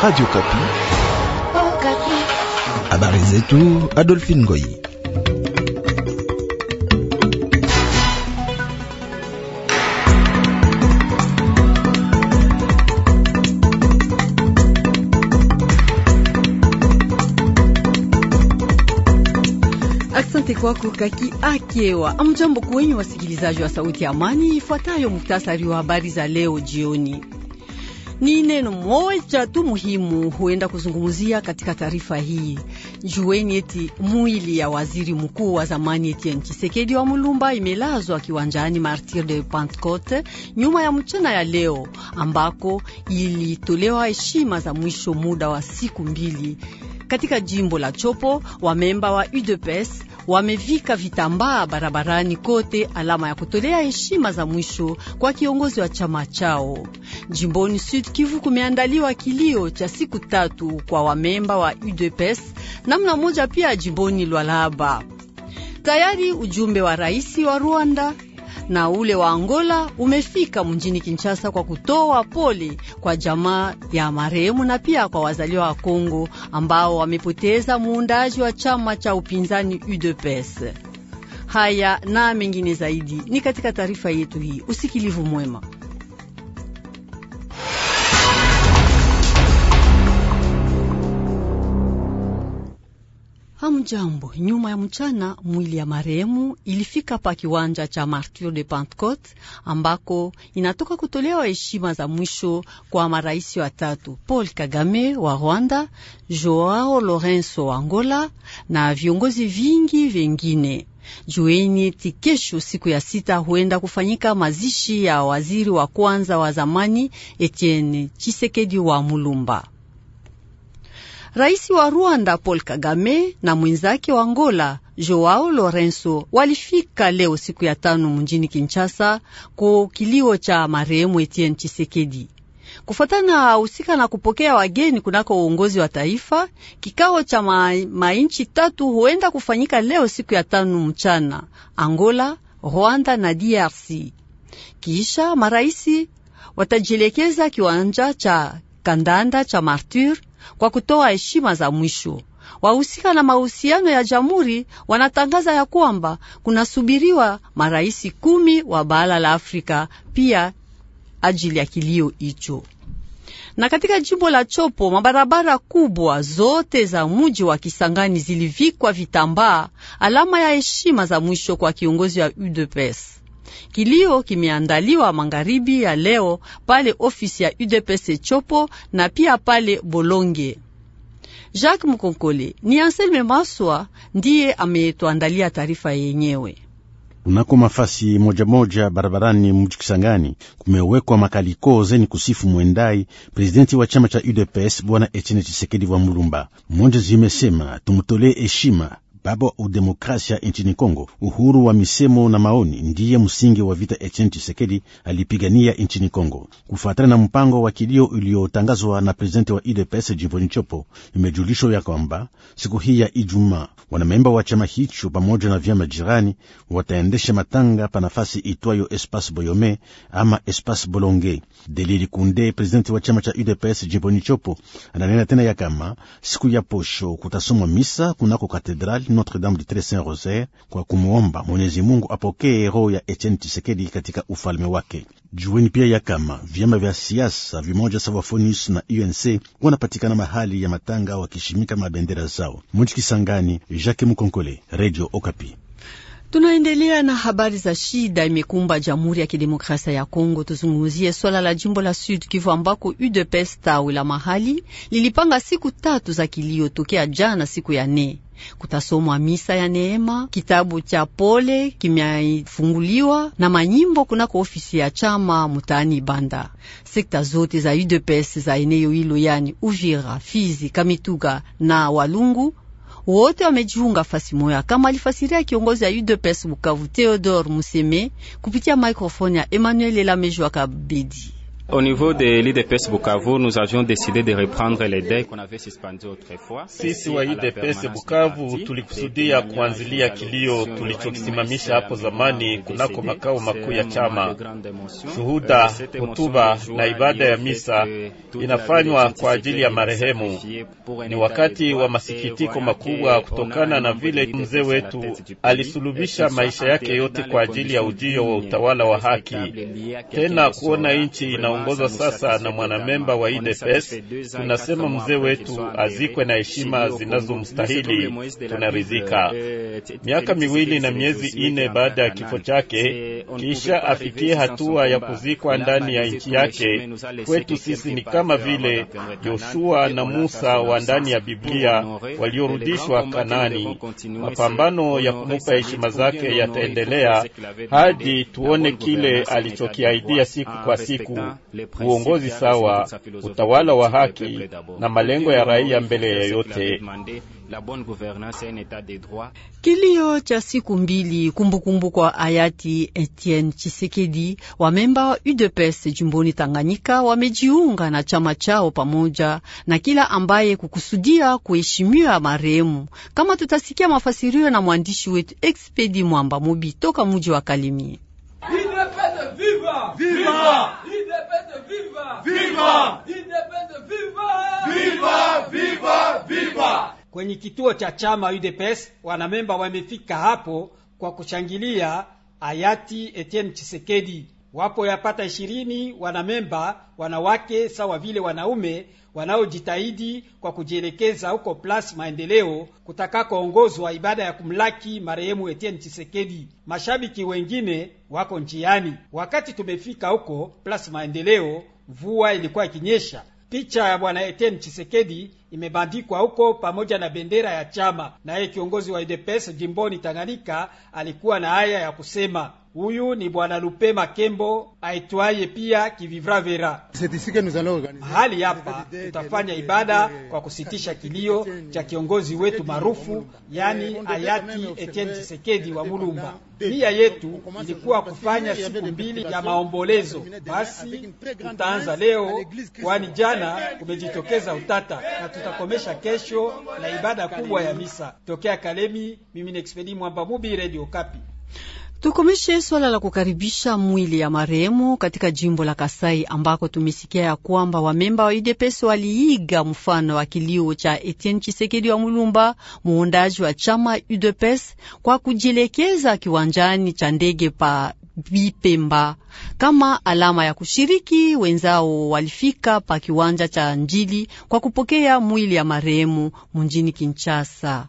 Radio Kapi. Oh, Kapi. Habari zetu Adolphine Goyi. Asante kwako Kaki Akewa. Amjambo kwenye wasikilizaji wa Sauti ya Amani, ifuatayo muktasari wa habari za leo jioni. Ni neno moja tu muhimu huenda kuzungumzia katika taarifa hii. Jueni eti mwili ya waziri mkuu wa zamani Etienne Tshisekedi wa Mulumba imelazwa kiwanjani Martir de Pentecote nyuma ya mchana ya leo, ambako ilitolewa heshima za mwisho muda wa siku mbili. Katika jimbo la Chopo, wamemba wa UDPS wamevika vitambaa barabarani kote, alama ya kutolea heshima za mwisho kwa kiongozi wa chama chao. Jimboni Sud Kivu kumeandaliwa kilio cha siku tatu kwa wamemba wa UDPS namna moja, pia jimboni Lwalaba tayari ujumbe wa rais wa Rwanda na ule wa Angola umefika mjini Kinshasa kwa kutoa pole kwa jamaa ya marehemu na pia kwa wazaliwa wa Kongo ambao wamepoteza muundaji wa chama cha upinzani UDPS. Haya na mengine zaidi ni katika taarifa yetu hii. Usikilivu mwema. Hamjambo. Nyuma ya mchana, mwili ya marehemu ilifika pa kiwanja cha Martyr de Pentecote ambako inatoka kutolewa heshima za mwisho kwa marais watatu: Paul Kagame wa Rwanda, Joao Lorenzo wa Angola na viongozi vingi vingine. Jueni eti kesho siku ya sita huenda kufanyika mazishi ya waziri wa kwanza wa zamani Etienne chisekedi wa Mulumba. Rais wa Rwanda Paul Kagame na mwenzake wa Angola Joao Lorenzo walifika leo siku ya tano mjini Kinshasa ko kilio cha marehemu Etienne Chisekedi. Kufuatana husika na kupokea wageni kunako uongozi wa taifa. Kikao cha ma mainchi tatu huenda kufanyika leo siku ya tano mchana, Angola, Rwanda na DRC. Kisha maraisi watajielekeza kiwanja cha kandanda cha Martyr kwa kutoa heshima za mwisho. Wahusika na mahusiano ya jamhuri wanatangaza ya kwamba kunasubiriwa marais kumi wa bara la Afrika pia ajili ya kilio hicho. Na katika jimbo la Chopo, mabarabara kubwa zote za muji wa Kisangani zilivikwa vitambaa, alama ya heshima za mwisho kwa kiongozi wa UDPS. Kilio kimeandaliwa magharibi ya leo pale ofisi ya UDPS Chopo na pia pale Bolonge. Jacques Mkonkole ni Anselme Maswa ndiye ametuandalia taarifa yenyewe. Kunako mafasi moja moja barabarani mji Kisangani kumewekwa makaliko zeni kusifu mwendai prezidenti wa chama cha UDPS bwana Etienne Tshisekedi wa Mulumba. Mmoja zimesema tumutolee heshima baba udemokrasia nchini Kongo. Uhuru wa misemo na maoni ndiye msingi wa vita Etienne Tshisekedi alipigania nchini Kongo, kufuatana na mpango wa kilio uliotangazwa na prezidenti wa UDPS jimboni Chopo. Imejulishwa ya kwamba siku hii ya Ijumaa wanamemba wa chama hicho pamoja na vyama jirani wataendesha matanga pa nafasi itwayo Espace Boyome ama Espace Bolonge. Delili Kunde, prezidenti wa chama cha UDPS jimboni Chopo, ananena tena ya kama siku ya posho kutasomwa misa kunako katedrali Notre Dame du Tres Saint Rosaire kwa kumwomba Mwenyezi Mungu apokee roho ya Etienne Tshisekedi katika ufalme wake. Jueni pia ya kama vyama vya siasa vimoja sawa na UNC wanapatikana mahali ya matanga wakishimika mabendera zao. Muji Kisangani, Jacques Mukonkole, Radio Okapi. Tunaendelea na habari za shida imekumba Jamhuri ya Kidemokrasia ya Kongo. Tuzungumzie swala la jimbo la Sud Kivu ambako UDPS tawi la mahali lilipanga siku tatu za kilio tokea jana siku ya nne kutasomwa misa ya neema, kitabu cha pole kimefunguliwa na manyimbo kunako ofisi ya chama mutaani banda Sekta zote za UDPS za eneo hilo, yani Uvira, Fizi, Kamituga na Walungu wote wamejiunga fasi moya, kama alifasiria kiongozi ya UDPS Bukavu Theodore Museme kupitia microfone ya Emmanuel Elamejo Kabedi. Au niveau de l'IDPS Bukavu, nous avions décidé de reprendre les dés qu'on avait suspendues autrefois. Sisi wa IDPS Bukavu tulikusudia kuanzilia kilio tulichokisimamisha hapo zamani kunako makao makuu ya chama. Shuhuda, euh, hotuba na ibada ya misa inafanywa kwa ajili ya marehemu. Ni wakati wa masikitiko makubwa kutokana na vile mzee wetu alisulubisha maisha yake yote kwa ajili ya ujio wa utawala wa haki, tena kuona nchi ina anaongozwa sasa na mwanamemba wa UDPS, tunasema mzee wetu azikwe na heshima zinazomstahili. Tunaridhika miaka miwili na miezi ine baada ya kifo chake, kisha afikie hatua ya kuzikwa ndani ya nchi yake. Kwetu sisi ni kama vile Yoshua na Musa wa ndani ya Biblia waliorudishwa Kanani. Mapambano ya kumupa heshima zake yataendelea hadi tuone kile alichokiaidia siku kwa siku uongozi sawa, utawala wa haki na malengo ya raia mbele ya yote. Kilio cha siku mbili kumbukumbu kwa hayati Etienne chisekedi wa wa UDPS jimboni Tanganyika wamejiunga na chama chao pamoja na kila ambaye kukusudia kuheshimiwa marehemu, kama tutasikia mafasirio na mwandishi wetu Expedi Mwamba Mubi toka muji wa Kalemie viva, viva, viva, viva, viva. Kwenye kituo cha chama UDPS wanamemba wamefika hapo kwa kushangilia hayati Etienne Chisekedi. Wapo yapata ishirini wanamemba wanawake sawa vile wanaume wanaojitahidi kwa kujielekeza huko Place Maendeleo kutaka kuongozwa ibada ya kumlaki marehemu Etienne Chisekedi. Mashabiki wengine wako njiani. Wakati tumefika huko Place Maendeleo, mvua ilikuwa ikinyesha. Picha ya Bwana Etienne Chisekedi imebandikwa huko pamoja na bendera ya chama. Naye kiongozi wa UDPS jimboni Tanganyika alikuwa na haya ya kusema. Huyu ni bwana Lupe Makembo aitwaye pia Kivivravera. Hali hapa tutafanya ibada kwa kusitisha kilio cha kiongozi wetu maarufu, yani hayati Etienne Tshisekedi wa Mulumba. Nia yetu ilikuwa kufanya siku mbili ya maombolezo, basi tutaanza leo, kwani jana kumejitokeza utata na tutakomesha kesho na ibada kubwa ya misa. Tokea Kalemi, mimi ni Expedi Mwamba Mubi, Radio Kapi. Tukomeshe swala la kukaribisha mwili ya marehemu katika jimbo la Kasai ambako tumesikia ya kwamba wamemba wa UDPS waliiga mfano wa kilio cha Etienne Chisekedi wa Mulumba, muundaji wa chama UDPS, kwa kujielekeza kiwanjani cha ndege pa Bipemba kama alama ya kushiriki. Wenzao walifika pa kiwanja cha Njili kwa kupokea mwili ya marehemu munjini Kinshasa.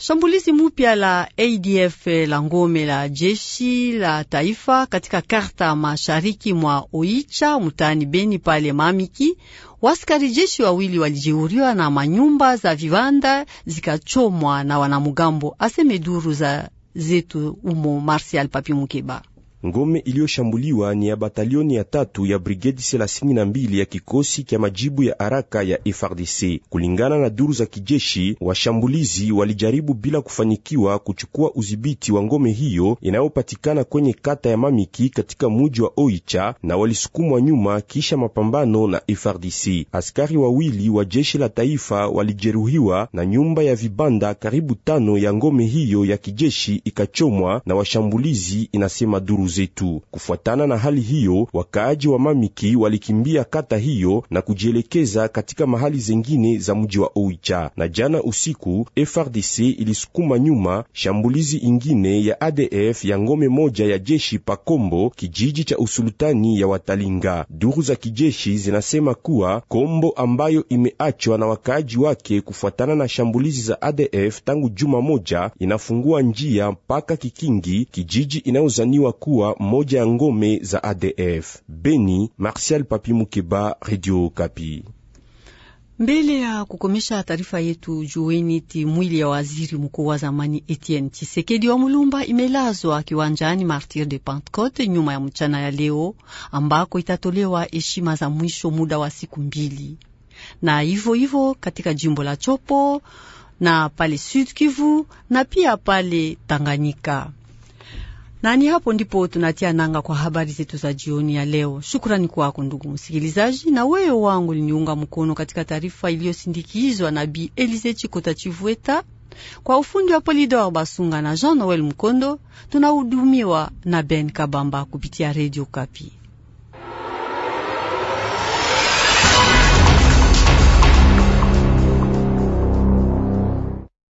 Shambulizi mupya la ADF la ngome la jeshi la taifa katika karta mashariki mwa Oicha mtaani Beni pale Mamiki, waskari jeshi wawili walijeuriwa na manyumba za viwanda zikachomwa na wanamugambo, aseme duru za zetu umo Marsial Papi Mukeba. Ngome iliyoshambuliwa ni ya batalioni ya tatu ya brigedi na mbili ya kikosi cha majibu ya haraka ya FRDC. Kulingana na duru za kijeshi, washambulizi walijaribu bila kufanikiwa kuchukua udhibiti wa ngome hiyo inayopatikana kwenye kata ya Mamiki katika muji wa Oicha, na walisukumwa nyuma kisha mapambano na FRDC. Askari wawili wa jeshi la taifa walijeruhiwa na nyumba ya vibanda karibu tano ya ngome hiyo ya kijeshi ikachomwa na washambulizi, inasema duru zetu. Kufuatana na hali hiyo, wakaaji wa Mamiki walikimbia kata hiyo na kujielekeza katika mahali zengine za mji wa Oicha, na jana usiku FRDC ilisukuma nyuma shambulizi ingine ya ADF ya ngome moja ya jeshi Pakombo, kijiji cha usultani ya Watalinga. Duru za kijeshi zinasema kuwa Kombo ambayo imeachwa na wakaaji wake kufuatana na shambulizi za ADF tangu juma moja inafungua njia mpaka Kikingi, kijiji inayozaniwa kuwa kuwa moja ya ngome za ADF. Beni, Martial Papi Mukeba, Radio Kapi. Mbele ya kukomesha taarifa yetu jueni, ti mwili ya waziri mkuu wa zamani Etienne chisekedi wa Mulumba imelazwa kiwanjani Martir de Pentecote nyuma ya mchana ya leo, ambako itatolewa heshima za mwisho muda wa siku mbili, na hivyo hivyo katika jimbo la Chopo na pale Sud Kivu na pia pale Tanganyika. Nani hapo ndipo tunatia nanga kwa habari zetu za jioni ya leo. Shukrani kwako ndugu msikilizaji, na wewe wangu liniunga mkono katika taarifa iliyosindikizwa na Bi Elize Chikota Chivueta kwa ufundi wa Polidor Basunga na Jean Noel Mkondo. Tunahudumiwa na Ben Kabamba kupitia Radio Kapi.